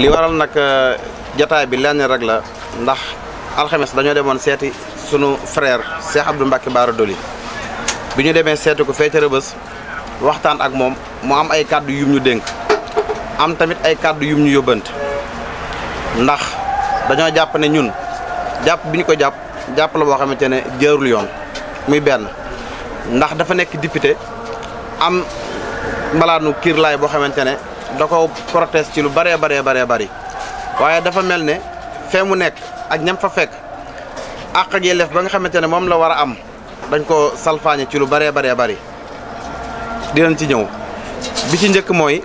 li waral nag euh, jataay bi lenn rek la ndax alxames dañoo demoon seeti sunu frère Cheikh Abdou Mbacke Bara Doli bi ñu demee seeti ko fee ca Rëbës waxtaan ak moom mu am ay kàddu yum ñu dénk am tamit ay kàddu yum ñu yóbbante ndax dañoo jàpp ne ñun jàpp bi ñu ko jàpp jàpp la boo xamante ne jërul yoon muy benn ndax dafa nekk député am mbalaanu kiir laay boo xamante ne da ko proteste ci lu bëree bëree bëree bëri waaye dafa mel ne fee mu nekk ak ñam fa fekk àq ak yelleef ba nga xamante ne moom la war a am dañ ko salfaañe ci lu bëree bëree bëri dinañ ci ñëw bi ci njëkk mooy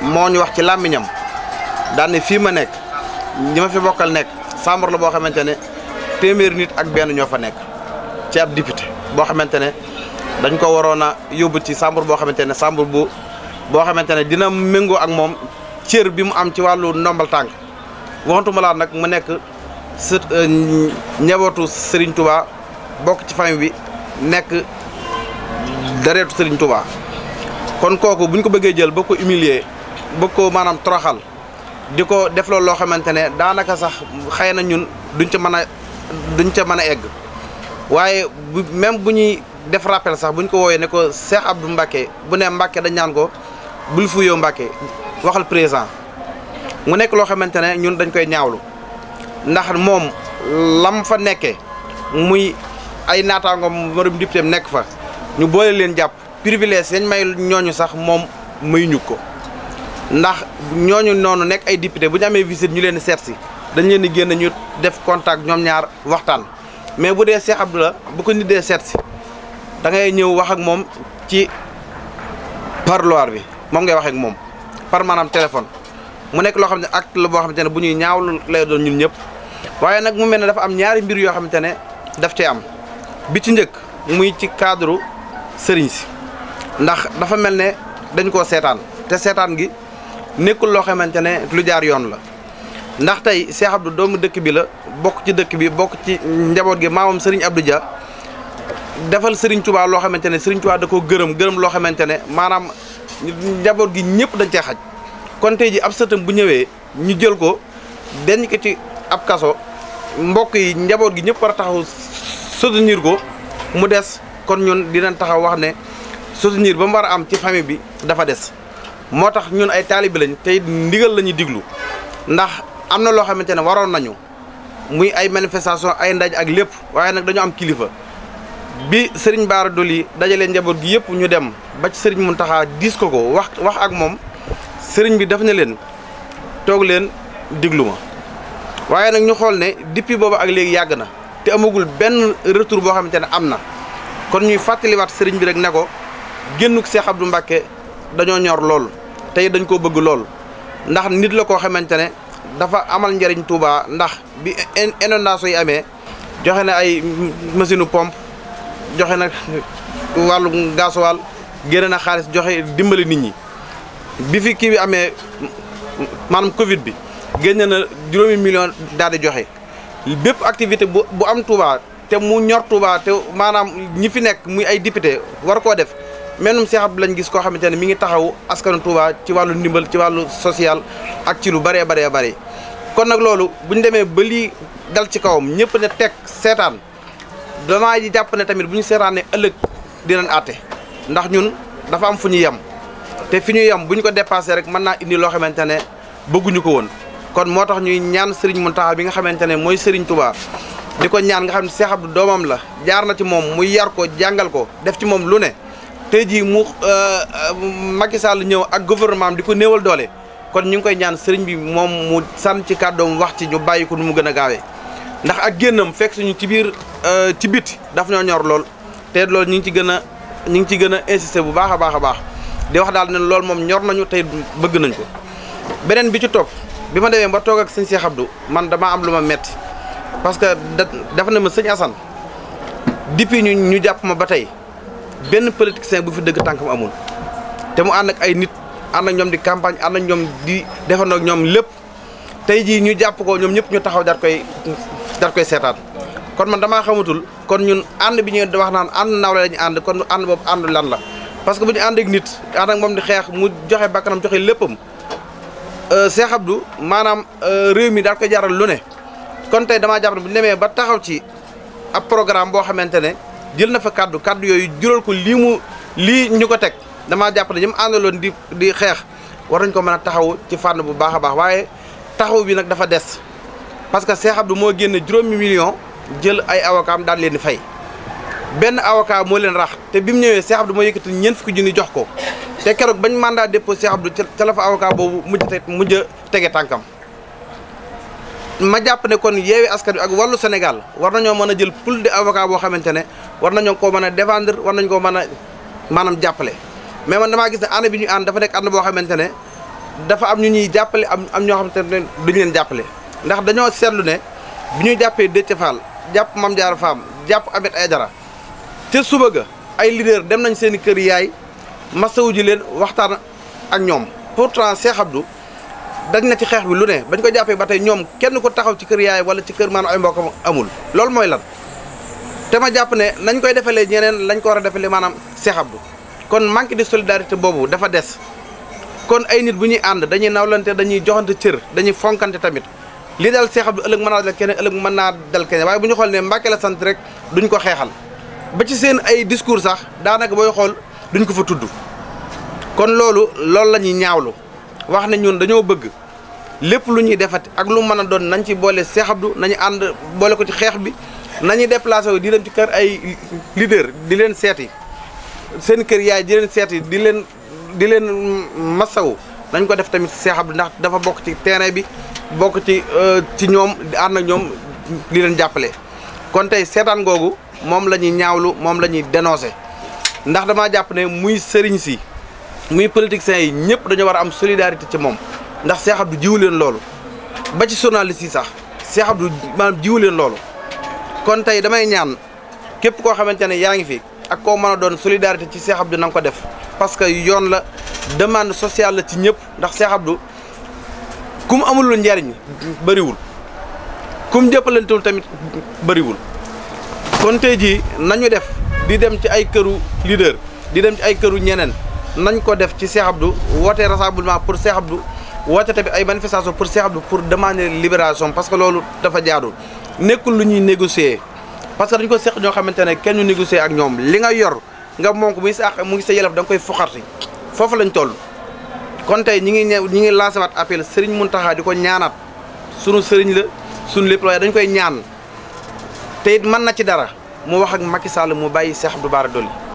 moo ñu wax ci làmmiñam daan ne fii ma nekk ñu ma fi bokkal nekk chambre la boo xamante ne téeméeri nit ak benn ñoo fa nekk ci ab député boo xamante ne dañ ko waroon a yóbbu ci chambre boo xamante ne chambre bu boo xamante ne dina méngoo ak moom cér bi mu am ci wàllu ndombal tànk waxantuma nag mu nekk sa ñewatu euh, Serigne Touba bokk ci famille bi nekk dareetu sëriñ Touba kon kooku bu ñu ko bëggee jël bokk ko humilier ba ko maanaam toroxal di ko defloo loo xamante ne daanaka sax xëy na ñun duñ ca mën a duñ ca mën a egg waaye bu bu ñuy def rappel sax bu ñu ko woowee ne ko Cheikh ab Mbacké bu ne mbake dañ ñaan ko bul fu yow Mbàkke waxal président mu nekk loo xamante ne ñun dañ koy ñaawlu ndax moom lam fa nekkee muy ay naataangoom marum député nekk fa ñu boole leen jàpp privilège yañ may ñooñu sax moom may ñu ko ndax ñooñu noonu nekk ay député bu ñu amee visite ñu leen di seet si dañ leen di génn ñu def contact ñoom ñaar waxtaan mais bu dee Cheikh Abdoulaye bu ko nit dee seet si da ngay ñëw wax ak moom ci parloir bi moom ngay wax moom par maanaam téléphone mu nekk loo xam ne acte la boo xamante ne bu ñuy ñaawlu lay doon ñun ñëpp waaye nag mu mel ne dafa am ñaari mbir yoo xamante ne daf cee am bi ci njëkk muy ci cadre sëriñ si ndax dafa mel ne dañ ko seetaan te seetaan gi nekkul loo xamante ne lu jaar yoon la ndax tey Cheikh Abdou doomu dëkk bi la bokk ci dëkk bi bokk ci njaboot gi maamam Serigne Abdou ja defal sëriñ Touba loo xamante ne Serigne Touba da koo gërëm gërëm loo xamante ne maanaam njaboot gi ñëpp dañu cee xaj kon tey ji ab sëtam bu ñëwee ñu jël ko denc ko ci ab kaso mbokk yi njaboot gi ñëpp war a taxaw soutenir ko mu des kon ñun dinañ taxaw wax ne soutenir ba mu war a am ci famille bi dafa des moo tax ñun ay taalibe lañ tey ndigal la ñuy diglu ndax am na loo xamante ne waroon nañu muy ay manifestation ay ndaj ak lépp waaye nag dañu am kilifa bi sëriñ Baara Doli dajale njaboot gi yëpp ñu dem ba ci sëriñ Mountakha diis ko ko wax wax ak moom sëriñ bi daf ne leen toog leen diglu ma waaye nag ñu xool ne depuis boobu ak léegi yàgg na te amagul benn retour boo xamante ne am na kon ñuy fàttaliwaat sëriñ bi rek ne ko génnuk Seex Abdu Mbàkke dañoo ñor lool tey dañ ko bëgg lool ndax nit la koo xamante ne dafa amal njariñ Touba ndax bi inondation yi amee joxe na ay machine pompe joxe nag wàllum gasoil génne na xaalis joxe dimbali nit ñi bi fi kii bi amee maanaam Covid bi génne na juróomi million daal di joxe bépp activité bu bu am Touba te mu ñor Touba te maanaam ñi fi nekk muy ay député war koo def mennum Cheikh Abdou lañ gis koo xamante ne mi ngi taxaw askanu Touba ci wàllu ndimbal ci wàllu social ak ci lu bëree baree bëri kon nag loolu bu ñu demee ba dal ci kawam ñëpp ne teg seetaan. danaa ji jàpp ne tamit bu ñu seeraanee ëllëg dinañ àtte ndax ñun dafa am fu ñu yem te fu ñu yem bu ñu ko dépassé rek mën naa indi loo xamante ne bëgguñu ko woon kon moo tax ñuy ñaan mu Mountakha bi nga xamante ne mooy Serigne Touba di ko ñaan nga xam ne Cheikh Abdou doomam la jaar na ci moom mu yar ko jàngal ko def ci moom lu ne tey jii mu euh, euh, Macky Sall ñëw ak gouvernement di ko néewal doole kon ñu ngi koy ñaan Serigne bi moom mu sànn ci kàddoom wax ci ñu bàyyi ku nu mu gën a gaawee. ndax ak génnam fekk suñu ci biir euh, ci biti daf ñoo ñor lool te loolu ñi ngi ci gën a ñu ngi ci gën a insisté bu baax a baax a baax di wax daal ne lool moom ñor nañu tey bëgg nañ ko beneen bi ci toog bi ma demee ba toog ak sëñ Cheikh Abdou man dama am lu ma metti parce que dafa ne ma sëñ Assane depuis ñu ñu jàpp ma ba tey benn politicien bu fi dëgg tànkam amul te mu ànd ak ay nit ànd ak ñoom di campagne ànd ak ñoom di defandoo ak ñoom lépp tey jii ñu jàpp ko ñoom ñëpp ñu taxaw dar koy daal koy seetaan kon man damaa xamatul kon ñun ànd bi ñu wax naan ànd nawle la ñu ànd kon ànd boobu ànd lan la parce que bu ñu ànd ak nit ànd moom di xeex mu joxe bakkanam joxe léppam euh, Cheikh Abdou maanaam euh, réew mi daal koy jaral lu ne kon tey damaa jàpp bu ñu ba taxaw ci ab programme boo xamante ne jël na fa kàddu kàddu yooyu jural ko lii mu lii ñu ko teg damaa jàpp ñum ñi mu di di xeex war nañ ko mën a taxaw ci fànn bu baax a baax waaye taxaw bi nag dafa des parce que Cheikh Abdou moo génne juróomi million jël ay avocat daal leen di fay benn avocat moo leen rax te bi mu ñëwee Cheikh Abdou moo yëkkati ñeent fukki junni jox ko te keroog bañ mandat dépôt Cheikh Abdou ca la fa avocat boobu mujj te mujj a tege tànkam. ma jàpp ne kon yeewi askan bi ak wàllu Sénégal war nañoo mën a jël pool de avocat boo xamante ne war nañoo koo mën a défendre war nañ koo mën a maanaam jàppale mais man damaa gis ne ànd bi ñu ànd dafa nekk ànd boo xamante ne dafa am ñu ñuy jàppale am am ñoo xamante ne duñu leen jàppale. ndax dañoo seetlu ne bi ñu jàppee Déthié jàpp Mame Diarra Fam jàpp Ahmed Aïdara te suba ga ay leader dem nañ seeni kër yaay masawu ji leen waxtaan ak ñoom pourtant Cheikh Abdou dañ na ci xeex bi lu ne bañ ko jàppee ba tey ñoom kenn ko taxaw ci kër yaay wala ci kër maanaam ay mbokkam amul loolu mooy lan te ma jàpp ne nañ koy defalee ñeneen lañ ko war a defalee maanaam Cheikh kon manque de solidarité boobu dafa des kon ay nit bu ñuy ànd dañuy nawlante dañuy joxante cër dañuy fonkante tamit li dal Seex Abdu ëllëg mën naa dal keneen ëllëg mën naa dal keneen waaye bu ñu xool ne Mbàkke la sant rek duñ ko xeexal ba ci seen ay discours sax daanaka booy xool duñ ko fa tudd kon loolu loolu la ñuy ñaawlu wax ne ñun dañoo bëgg lépp lu ñuy defati ak lu mën a doon nañ ci boole seexab Abdu nañu ànd boole ko ci xeex bi nañu déplacé wu di dem ci kër ay leader di leen seeti seen kër yaay di leen seeti di leen di leen masawu nañ ko def tamit Seex Abdu ndax dafa bokk ci terrain bi bokk ci euh, ci ñoom di ànd ñoom di leen jàppale kon tey seetaan googu moom la ñuy ñaawlu moom la ñuy dénoncé ndax damaa jàpp ne muy sëriñ si muy politiciens yi ñëpp dañoo war a am solidarité ci moom ndax Cheikh Abdou jiwu leen loolu ba ci journaliste si sax Cheikh Abdou maanaam jiwu leen loolu kon tey damay ñaan képp koo xamante ne yaa ngi fi ak koo mën a doon solidarité ci Cheikh Abdou na ko def parce que yoon la demande sociale la ci ñëpp ndax Cheikh Abdou ku mu amulul njariñ bëriwul ku mu jëppalantul tamit bëriwul kon tey jii nañu def di dem ci ay këru leader di dem ci ay këru ñeneen nañu ko def ci Cheikh Abdou woote rassemblement pour Cheikh Abdou woote tamit ay manifestation pour Cheikh Abdou pour demander libération parce que loolu dafa jaadul nekkul lu ñuy négocier parce que dañ ko seq ñoo xamante ne kenn ñu négocier ak ñoom li nga yor nga moom ko muy sa mu ngi sa yelef da nga koy foxarti foofu lañ toll kon tey ñi ngi ñëw ñi ngi lancé waat appel Serigne Mountakha di ko ñaanaat sunu Serigne la sunu lépp la dañ koy ñaan te it mën na ci dara mu wax ak Sall mu bàyyi seex Abdou Bara Dolly